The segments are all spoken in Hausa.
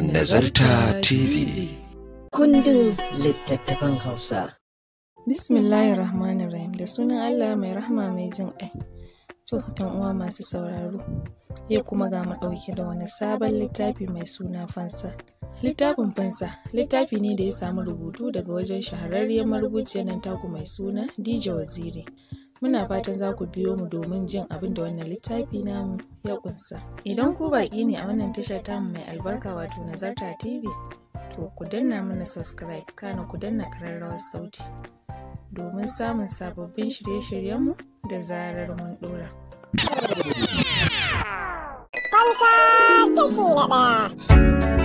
Nazarta TV. Kundin littattafan Hausa. Rahim da sunan Allah mai rahma, mai jin ƙai. To, ‘yan uwa masu sauraro, ya kuma ga mu ɗauke da wani sabon littafi mai suna fansa. Littafin fansa, littafi ne da ya samu rubutu daga wajen shahararriyar marubuciyar nan taku mai suna DJ Waziri. Muna fatan za ku biyo mu domin jin abin da wannan littafi namu ya kunsa. Idan ku baƙi ne a wannan tashar tamu mai albarka wato Nazarta TV, to ku danna mana subscribe kana ku danna kararrawar sauti domin samun sababbin shirye-shiryenmu da zarar mun ɗora. Hausa kashi na ɗaya.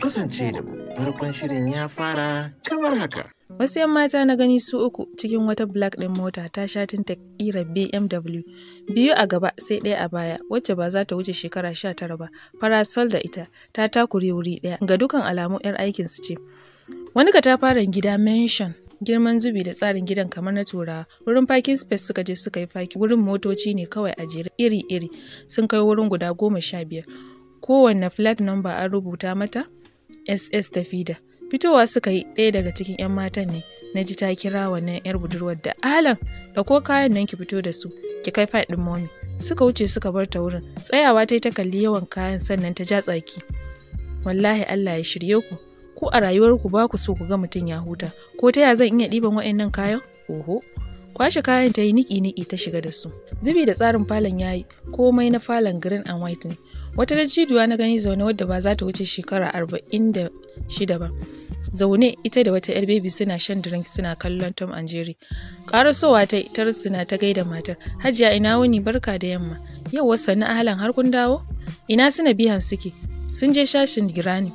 kasance da mu farkon shirin ya fara kamar haka. Wasu 'yan mata na gani su uku cikin wata black ɗin mota ta sha tinta ƙira BMW. Biyu a gaba sai ɗaya a baya wacce ba za ta wuce shekara sha tara ba. Parasol da ita ta takure wuri ɗaya ga dukan alamu 'yar aikin su ce. Wani katafaren gida mansion girman zubi da tsarin gidan kamar na turawa wurin parking space suka je suka yi faki wurin motoci ne kawai a jere iri-iri sun kai wurin guda goma sha biyar kowanne flat number an rubuta mata ss tafida fitowa suka yi ɗaya daga cikin 'yan matan ne na ji ta kira wannan 'yar budurwar da da ko kayan nan ki fito da su ki kai faɗin momi suka wuce suka bar ta wurin tsayawa ta yi ta kalli yawan kayan sannan ta ja tsaki wallahi allah ya shirye ku ku a rayuwarku ba ku so ku ga mutum ya huta ko ta ya zan iya ɗiban wa'annan kayan oho Kwashe kayan ta yi niki-niki ta shiga da su. Zubi da tsarin falon ya yi komai na falon green and white ne. Wata da dacijuwa na gani zaune wadda ba za ta wuce shekara arba'in da shida ba. Zaune ita da wata 'yar bebi suna shan drink suna kallon Tom and Jerry. Karasowa ta ta suna ta gaida matar. Hajiya ina wuni barka da yamma. Yau wasu na ahalan har kun dawo? Ina suna biyan suke? Sun je shashin girani.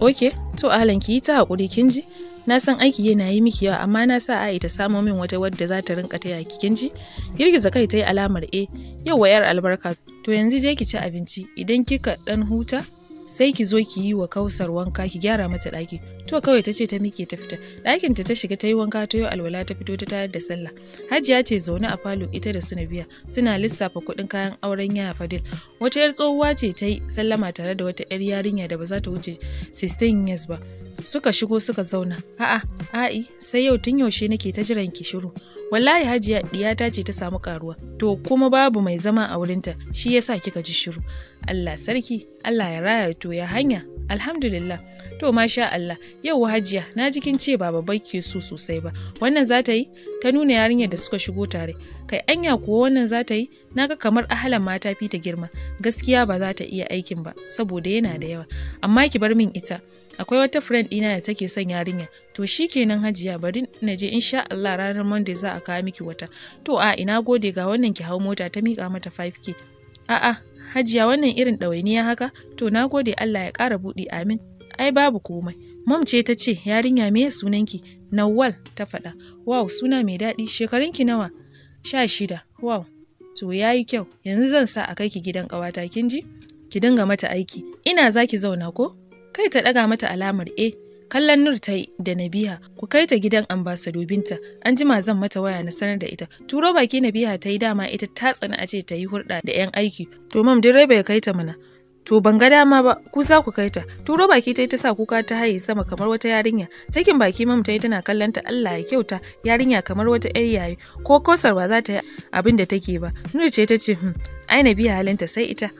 Ok, to ahalan ki yi ta haƙuri kin ji? na san aiki yana yi miki yawa amma na sa ai ta samo min wata wadda za ta rinka taya ki kin ji girgiza kai ta yi alamar eh, a yau wayar albarka to yanzu je ki ci abinci idan kika dan huta sai ki zo ki yi wa kausar wanka ki gyara mata ɗaki to kawai ta ce ta miƙe ta fita dakin ta ta shiga ta yi wanka ta yi alwala ta fito ta tayar da sallah hajiya ce zaune a falo ita da suna biya suna lissafa kuɗin kayan auren yaya fadil wata yar tsohuwa ce ta yi sallama tare da wata yar yarinya da ba za ta wuce 16 years ba suka shigo suka zauna a'a a'i sai yau tun yaushe nake ta jiran ki shiru wallahi hajiya diyata ce ta samu karuwa to kuma babu mai zama a wurinta shi yasa kika ji shiru Allah sarki Allah ya raya to ya hanya alhamdulillah to masha Allah yau hajiya na jikin ce ba babai ke so sosai ba wannan za ta yi ta nuna yarinyar da suka shigo tare kai anya kuwa wannan za ta yi na ga kamar ahalan mata fi ta girma gaskiya ba za ta iya aikin ba saboda yana da yawa amma ki bar min ita akwai wata friend ɗina da take son yarinya to shi kenan hajiya bari na je insha Allah ranar monday za a kawo miki wata to a ina gode ga wannan ki hau mota ta mika mata 5k a'a hajiya wannan irin ɗawainiya haka to na gode allah ya ƙara buɗe amin ai babu komai mom ce ta ce yarinya me sunanki nawal ta faɗa wow suna mai daɗi shekarunki nawa sha shida wow to yi kyau yanzu zan sa a kai ki gidan ƙawata kin ji ki dinga mata aiki ina za ki zauna ko kai ta ɗaga mata alamar e kallon nur ta yi da nabiha ku kai ta gidan ambasado binta an jima zan mata waya na sanar da ita turo baki nabiha ta yi dama ita ta tsana a ce ta yi hurɗa da yan aiki to mam direba ya kai ta mana to ban ga dama ba ku za ku kai ta turo baki ta yi ta sa kuka ta haye sama kamar wata yarinya sakin baki mam ta yi tana kallon ta Allah ya kyauta yarinya kamar wata yar yayi ko kosar ba za ta yi abin da take ba Nur ce ta ce hmm, ai na halinta sai ita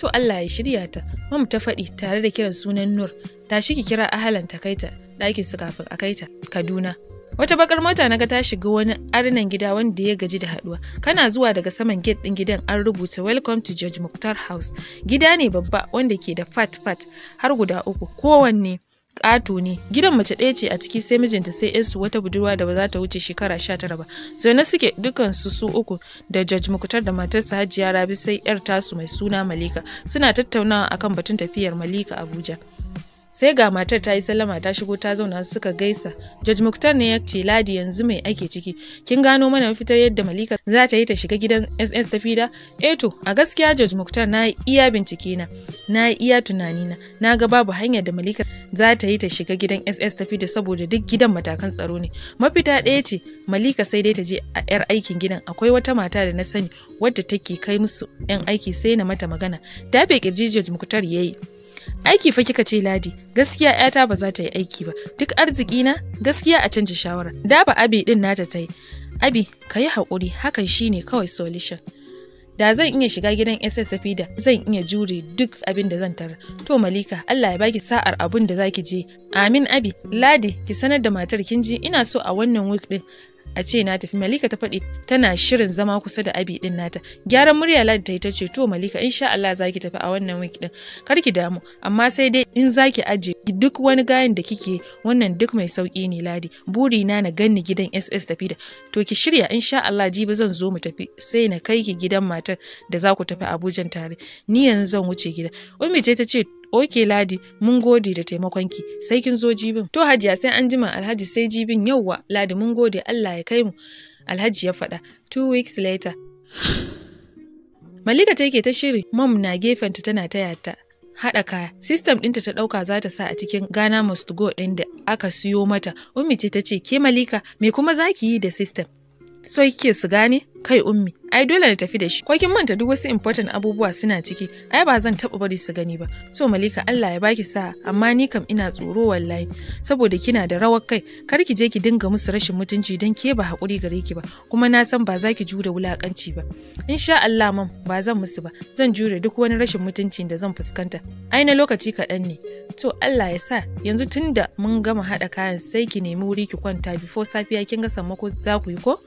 to Allah ya shirya ta mamu ta faɗi tare da kiran sunan Nur ta shi ki kira ahalan ta kaita ɗakin su kafin a kaita Kaduna wata bakar mota naga ta shiga wani arnan gida wanda ya gaji da haduwa kana zuwa daga saman gate din gidan an rubuta welcome to George Mukhtar House gida ne babba wanda ke da fat fat har guda uku kowanne ƙato ne gidan mace ɗaya ce a ciki sai mijinta sai yasu wata budurwa da ba za ta wuce shekara sha tara ba zaune suke dukan su su uku da judge mukutar da matarsa hajiya rabi sai yar tasu mai suna malika suna tattaunawa akan batun tafiyar malika abuja sai ga matar ta yi sallama ta shigo ta zauna suka gaisa George Muktar ne ya ce Ladi yanzu mai ake ciki kin gano mana mafitar yadda Malika za ta yi ta shiga gidan SS ta fida eh to a gaskiya George Muktar na iya bincike na na iya tunani na na ga babu hanyar da Malika za ta yi ta shiga gidan SS ta fida saboda duk gidan matakan tsaro ne mafita ɗaya ce Malika sai dai ta je a yar aikin gidan akwai wata mata da na sani wadda take kai musu yan aiki sai na mata magana ta fe kirji George Muktar yayi aiki fa kika ce ladi gaskiya yata ba za ta yi aiki ba duk arziki na gaskiya a canza shawara da ba abi din nata ta yi abi ka yi haƙuri hakan shine kawai solution da zan iya shiga gidan SSF da zan iya jure duk abin da zan tara. To Malika, Allah ya baki sa'ar abun da zaki je. Amin Abi, Ladi, ki sanar da matar kin ji ina so a wannan week din a ce na tafi malika ta faɗi tana shirin zama kusa da abi din nata gyaran murya ladi ta yi ta ce to malika sha Allah za ki tafi a wannan week din kar ki damu amma sai dai in za ki aje duk wani gayan da kike wannan duk mai sauki ne ladi buri na na ganni gidan SS tafi da to ki shirya sha Allah jibi zan zo mu tafi sai na kai ki gidan matar da za ku tafi Abuja tare ni yanzu zan wuce gida ummi ce ta ce Oke Ladi, mun gode da taimakonki, sai kin zo jibin. To Hajiya sai an jima Alhaji sai jibin yauwa, Ladi mun gode Allah ya kai mu. Alhaji ya faɗa. Two weeks later. Malika take ta shiri, mom na gefenta tana taya ta. haɗa kaya. Sistem ɗinta ta ɗauka za ta sa a cikin gana Must Go ɗin da aka siyo mata. Ummi ce ta ce, ke Malika, me kuma za ki yi da sistem? So kike su gane? kai ummi ai dole na tafi da shi ko kin manta duk wasu important abubuwa suna ciki ai ba zan taba bari su gani ba to malika Allah ya baki sa amma ni kam ina tsoro wallahi saboda kina da rawar kai kar ki je ki dinga musu rashin mutunci dan ke ba hakuri gare ki ba kuma na san ba za ki jure wulakanci ba insha Allah mam ba zan musu ba zan jure duk wani rashin mutuncin da zan fuskanta ai na lokaci kaɗan ne to Allah ya sa yanzu tunda mun gama haɗa kayan sai ki nemi wuri ki kwanta before safiya kin ga sammako za ku yi ko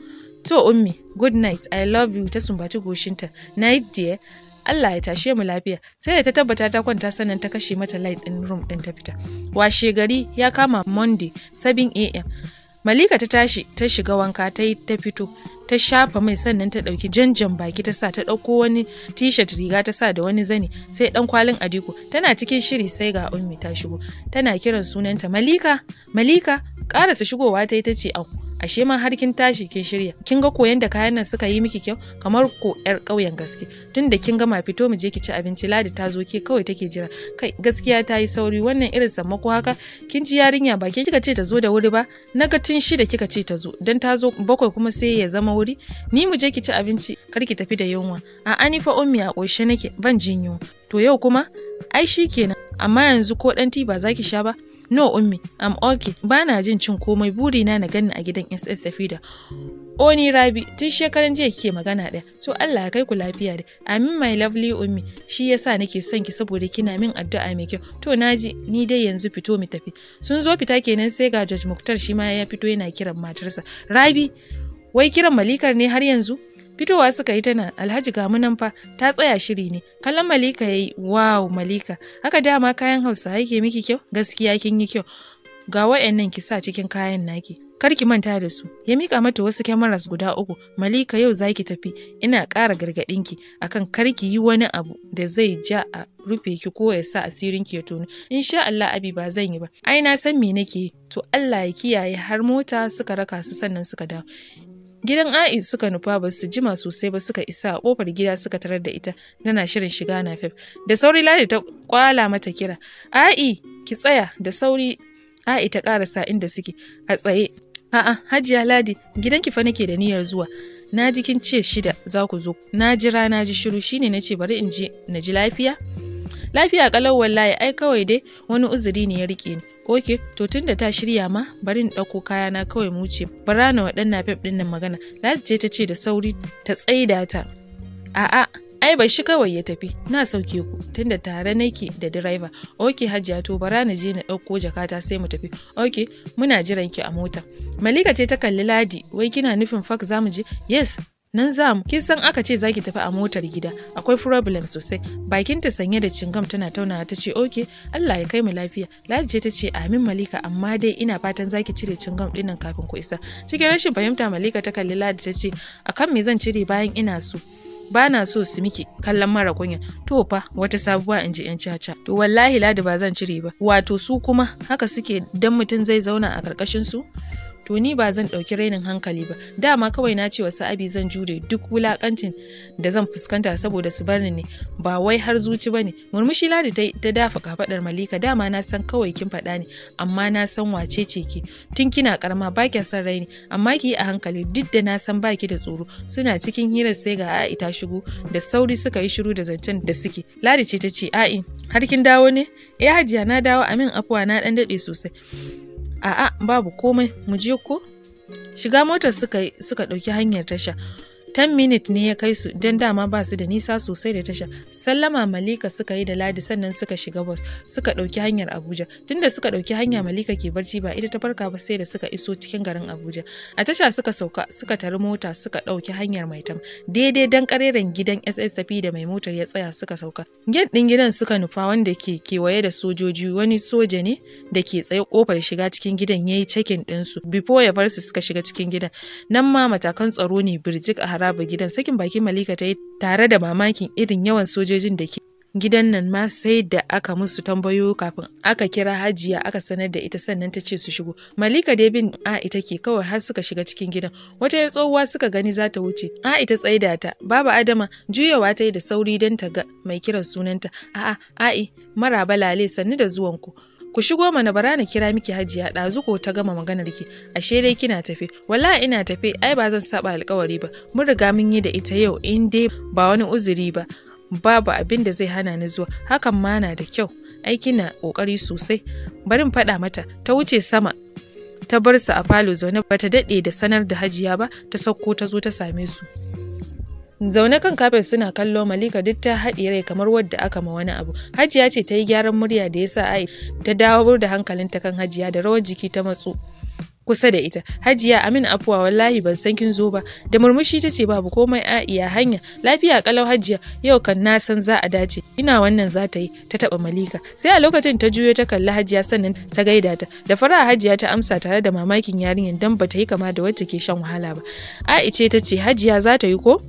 To ummi, good night, I love you ta sumbaci goshinta. Night dear, Allah ya tashe mu lafiya. Sai da ta tabbata ta kwanta sannan ta kashe mata light din room din ta fita. Washe gari ya kama Monday sabin AM. Malika ta tashi ta shiga wanka ta yi ta fito ta shafa mai sannan ta ɗauki janjan baki ta sa ta ɗauko wani t-shirt riga ta sa da wani zani sai ɗan kwalin adiko tana cikin shiri sai ga ummi ta shigo tana kiran sunanta Malika Malika ƙarasa shigowa ta yi ta ce au ashe ma har kin tashi kin shirya kin ga koyan da kayan nan suka yi miki kyau kamar ko yar ƙauyen gaske tun da kin gama fito mu je ki ci abinci ladi ta zo ke kawai take jira kai gaskiya ta yi sauri wannan irin sammako haka kin ji yarinya ba ke kika ce ta zo da wuri ba na ga tun shi da kika ce ta zo dan ta zo bakwai kuma sai ya zama wuri ni mu je ki ci abinci kar ki tafi da yunwa a anifa ummi a ƙoshe nake ban jin yunwa to yau kuma ai shi kenan amma yanzu ko danti ba za ki sha ba No ummi, am okay, bana jin cin komai buri na na gani a gidan SS da Oni Rabi, tun shekaran jiya kike magana ɗaya, so Allah ya kai ku lafiya da. Amin my lovely ummi, shi yasa nake son ki saboda kina min addu'a mai kyau. To naji, ni dai yanzu fito mu tafi. Sun zo fita kenan sai ga George Muktar shi ma ya fito yana kiran matarsa. Rabi, wai kiran malikar ne har yanzu? fitowa suka yi tana, alhaji alhaji gamunan fa ta tsaya shiri ne kallon malika ya yi wow malika haka dama kayan hausa yake miki kyau gaskiya kin yi kyau ga wayannan ki sa cikin kayan naki kar ki manta da su ya mika mata wasu kyamaras guda uku malika yau zaki tafi ina kara ƙara gargaɗinki akan kar ki yi wani abu da zai ja a rufe ki ko ya sa asirin ki ya tono insha Allah abi ba zan yi ba ai na san me nake to Allah ya kiyaye har mota suka raka su sannan suka dawo Gidan ai suka nufa ba su jima sosai ba suka isa a kofar gida suka tarar da ita tana shirin shiga na Nafef. Da sauri Ladi ta kwala mata kira. A'i ki tsaya da sauri A'i ta karasa inda suke a tsaye. A'a Hajiya Ladi gidanki fa nake da niyyar zuwa. Na ji kin ce shida za ku zo. Na jira na ji shiru shine na ce bari in je na ji lafiya. Lafiya kalau wallahi ai kawai dai wani uzuri ne ya rike ni. Oke, to tun da ta shirya ma bari in ɗauko kayana kawai mu wuce. Bara na waɗannan fef ɗin nan magana. Ladi ce ta ce da sauri ta tsaida ta. A'a, ai bai shi kawai ya tafi na sauke ku tun da tare nake da diriva oke hajiya to bara na je na ɗauko jakata sai mu tafi oke muna jiran ki a mota malika ce ta kalli ladi wai kina nufin fak zamu je yes nan za mu kin san aka ce zaki tafi a motar gida akwai problem sosai bakinta sanye da cingam tana taunawa ta ce oke Allah ya kai mu lafiya ladi ce ta ce amin malika amma dai ina fatan zaki cire cingam dinnan kafin ku isa cikin rashin fahimta malika ta kalli ladi ta ce akan me zan cire bayan ina so bana so su miki kallon mara kunya to fa wata sabuwa in inji yan caca to wallahi ladi ba zan cire ba wato su kuma haka suke dan mutum zai zauna a karkashin su to ni ba zan ɗauki rainin hankali ba dama kawai na ce wa sa'abi zan jure duk wulakancin da zan fuskanta saboda su bar ni ne ba wai har zuci ba ne murmushi ladi ta dafa kafaɗar malika dama na san kawai kin faɗa ne amma na san wace ce ki tun kina karama ba kya son raini amma ki yi a hankali duk da na san baki da tsoro suna cikin hirar sai ga a'i ta shigo da sauri suka yi shiru da zancen da suke ladi ce ta ce a'i har kin dawo ne eh hajiya na dawo amin afuwa na dan daɗe sosai A'a babu komai mu je ko? Shiga motar suka suka ɗauki hanyar tasha. 10 minute ne ya kai su don dama ba su da nisa sosai da tasha sallama malika suka yi da ladi sannan suka shiga bus suka ɗauki hanyar abuja tunda suka ɗauki hanya malika ke barci ba ita ta farka ba sai da suka iso cikin garin abuja a tasha suka sauka suka tari mota suka ɗauki hanyar mai tam daidai dan kareren gidan ss tafi da mai motar ya tsaya suka sauka gate ɗin gidan suka nufa wanda ke kewaye da sojoji wani soja ne da ke tsaye kofar shiga cikin gidan ya yi cekin ɗinsu before ya bar su suka shiga cikin gidan nan ma matakan tsaro ne birjik a raba gidan sakin baki malika ta yi tare da mamakin irin yawan sojojin da ke gidan nan ma sai da aka musu tambayo kafin aka kira hajiya aka sanar da ita sannan ta ce su shigo malika dai bin a ita ke kawai har suka shiga cikin gidan wata ya tsohuwa suka gani za ta wuce a ita tsaida ta babu adama juyawa ta yi da sauri don ta ga mai kiran sunanta a'a a'i maraba lale sannu da zuwanku ku shigo mana bara na kira miki hajiya ɗazu ko ta gama maganar ki ashe dai kina tafe wallahi ina tafe ai ba zan saba alkawari ba mun riga mun yi da ita yau in dai ba wani uzuri ba babu abin da zai hana ni zuwa hakan ma na da kyau aiki na kokari sosai barin faɗa mata ta wuce sama ta bar su a falo zaune ba ta daɗe da sanar da hajiya ba ta sauko ta zo ta same su. zaune kan kafin suna kallo malika duk ta haɗiye rai kamar wadda aka ma wani abu hajiya ce ta yi gyaran murya da ya sa ai ta dawo da hankalinta kan hajiya da rawar jiki ta matsu kusa da ita hajiya amin afuwa wallahi ban san kin zo ba da murmushi ta ce babu komai a iya hanya lafiya kalau hajiya yau kan na san za a dace ina wannan za ta yi ta taba malika sai a lokacin ta juyo ta kalli hajiya sannan ta gaida ta da fara hajiya ta amsa tare da mamakin yarinyar dan bata yi kama da wacce ke shan wahala ba ce ta ce hajiya za ta yi ko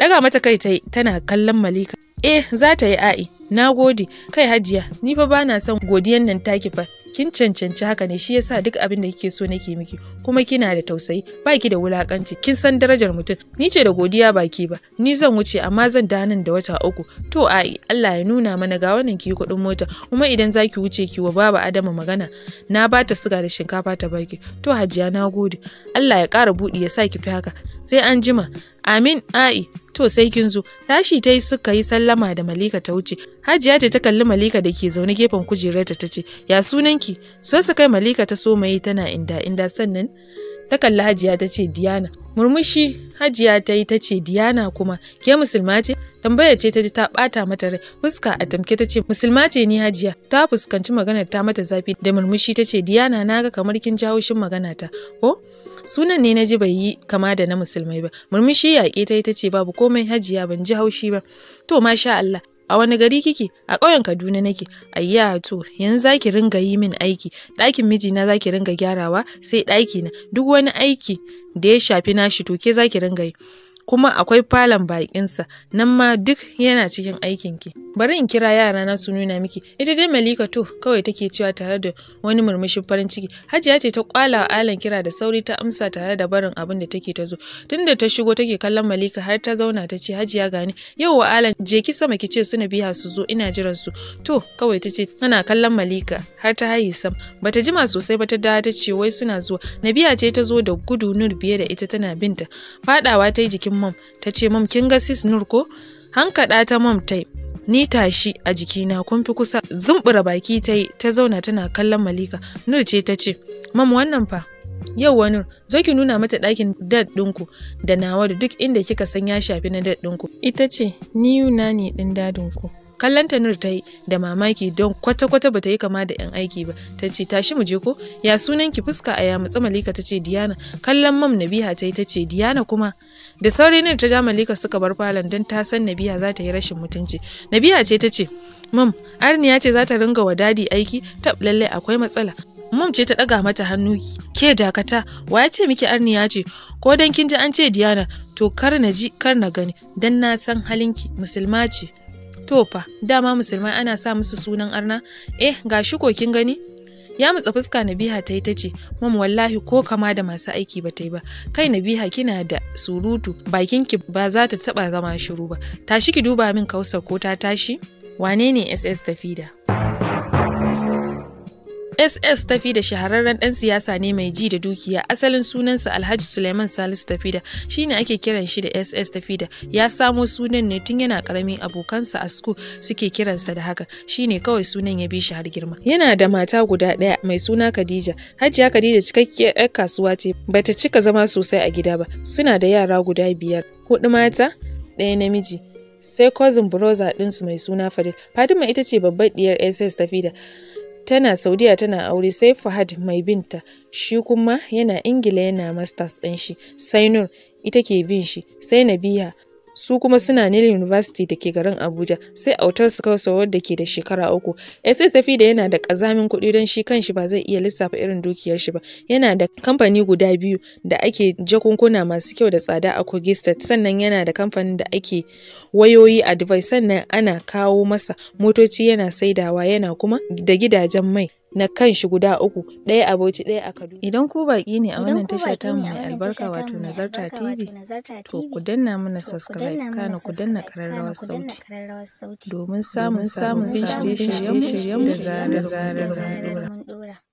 ɗaga mata kai ta tana kallon Malika. Eh, za ta yi a'i. Na gode. Kai Hajiya, ni fa bana son godiyan nan taki fa. Kin cancanci haka ne shi yasa duk abin da kike so nake miki kuma kina da tausayi ba ki da wulakanci kin san darajar mutum ni ce da godiya ba ki ba ni zan wuce amma zan da nan da wata uku to ai Allah ya nuna mana ga wannan ki kuɗin mota kuma idan zaki wuce ki wa baba Adama magana na bata suga da shinkafa ta baki to Hajiya na gode Allah ya kara buɗi ya sa ki fi haka sai an jima amin a'i to sai kin zo tashi ta yi suka yi sallama da malika ta wuce hajiya ce ta kalli malika da ke zaune gefen kujerarta ta ce ya sunanki so su kai malika ta so mai tana inda inda sannan ta kalli hajiya ta ce Diana. Murmushi hajiya ta yi ta ce Diana kuma ke musulma ce? Tambaya ce ta ji ta bata mata rai fuska a tamke ta ce musulma ce ni hajiya ta fuskanci maganar ta mata zafi da murmushi ta ce Diana na ga kamar kin jawo shin magana ta ko? Sunan ne na ji bai yi kama da na musulmai ba. Murmushi yaƙe ta yi ta ce babu komai hajiya ban ji haushi ba. To masha Allah a wani gari kike a ƙauyen kaduna nake ayya to yanzu zaki ringa yi min aiki ɗakin mijina zaki ringa gyarawa sai ɗaki na duk wani aiki da ya shafi nashi to ke zaki ringa yi kuma akwai falon baƙinsa nan ma duk yana cikin aikin ki. bari in kira yara na su nuna miki ita dai malika to kawai take cewa tare da wani murmushin farin ciki hajiya ce ta kwala alan kira da sauri ta amsa tare da barin abin da take ta zo tunda ta shigo take kallon malika har ta zauna ta ce hajiya gani yau wa alan je ki sama ki ce suna biya su zo ina jiran su to kawai ta ce tana kallon malika har ta haye sam bata jima sosai ba ta dawo ta ce wai suna zuwa nabiya ce ta zo da gudu nur biye da ita tana binta fadawa ta yi jikin mam ta ce mam kin ga sis nur ko hankaɗa ta mam ta ni tashi a jikina kun fi kusa zumbura baki ta yi ta zauna tana kallon malika nur ce ta ce mam wannan fa yau wani zo ki nuna mata ɗakin dad ɗinku da nawa duk inda kika san ya shafi na dad ɗinku ita ce ni yuna ne ɗin dadinku kallon tanur ta yi da mamaki don kwata-kwata ba ta yi kama da 'yan aiki ba ta ce tashi mu je ko ya sunan ki fuska a yamutsa malika ta ce diyana kallon mam nabiha ta yi ta ce diyana kuma da sauri ne ta ja malika suka bar falon don ta san nabiha za ta yi rashin mutunci nabiha ce ta ce mam arniya ce za ta ringa wa dadi aiki tab lallai akwai matsala Mam ce ta daga mata hannu ke dakata wa ya ce miki arniya ce ko dan kin ji an ce Diana to kar na ji kar na gani dan na san halinki musulma ce to fa dama musulmai ana sa musu sunan arna eh ga shi ko kin gani ya matsa fuska nabiha ta yi ta ce mam wallahi ko kama da masu aiki ba ta yi ba kai nabiha kina da surutu bakin ki ba za ta taɓa zama shiru ba tashi ki duba min kausa ko ta tashi wane ne ss tafida ss tafi shahararren ɗan siyasa ne mai ji da dukiya asalin sunansa Alhaji Suleiman Salisu Tafida shine ake kiran shi da SS Tafida ya samo sunan ne tun yana karamin abokansa a school suke kiransa da haka shine kawai sunan ya bi shi har girma yana da mata guda ɗaya mai suna Khadija Hajiya Khadija cikakkiyar yar kasuwa ce bata cika zama sosai a gida ba suna da yara guda biyar hudu mata ɗaya namiji sai cousin brother ɗinsu mai suna Fadil Fatima ita ce babbar diyar SS Tafida tana saudiya tana aure sai fahad mai binta shi kuma yana ingila yana masters ɗin shi sai nur ita ke bin shi sai nabiha su kuma suna Nil University da ke garin Abuja sai autar su kawo wadda ke da shekara uku. SS tafi da yana da kazamin kuɗi don shi kanshi ba zai iya lissafa irin dukiyar shi ba. Yana da kamfani guda biyu da ake jakunkuna masu kyau da tsada a Kogi State sannan yana da kamfanin da ake wayoyi a sannan ana kawo masa motoci yana saidawa yana kuma da gidajen mai. na kan shi guda uku ɗaya a Bauchi ɗaya a Kaduna. Idan ku baƙi ne a wannan tasha ta mu mai albarka wato Nazarta TV to ku danna mana subscribe kana ku danna ƙararrawar sauti domin samun samun shirye-shiryen mu da zarar zarar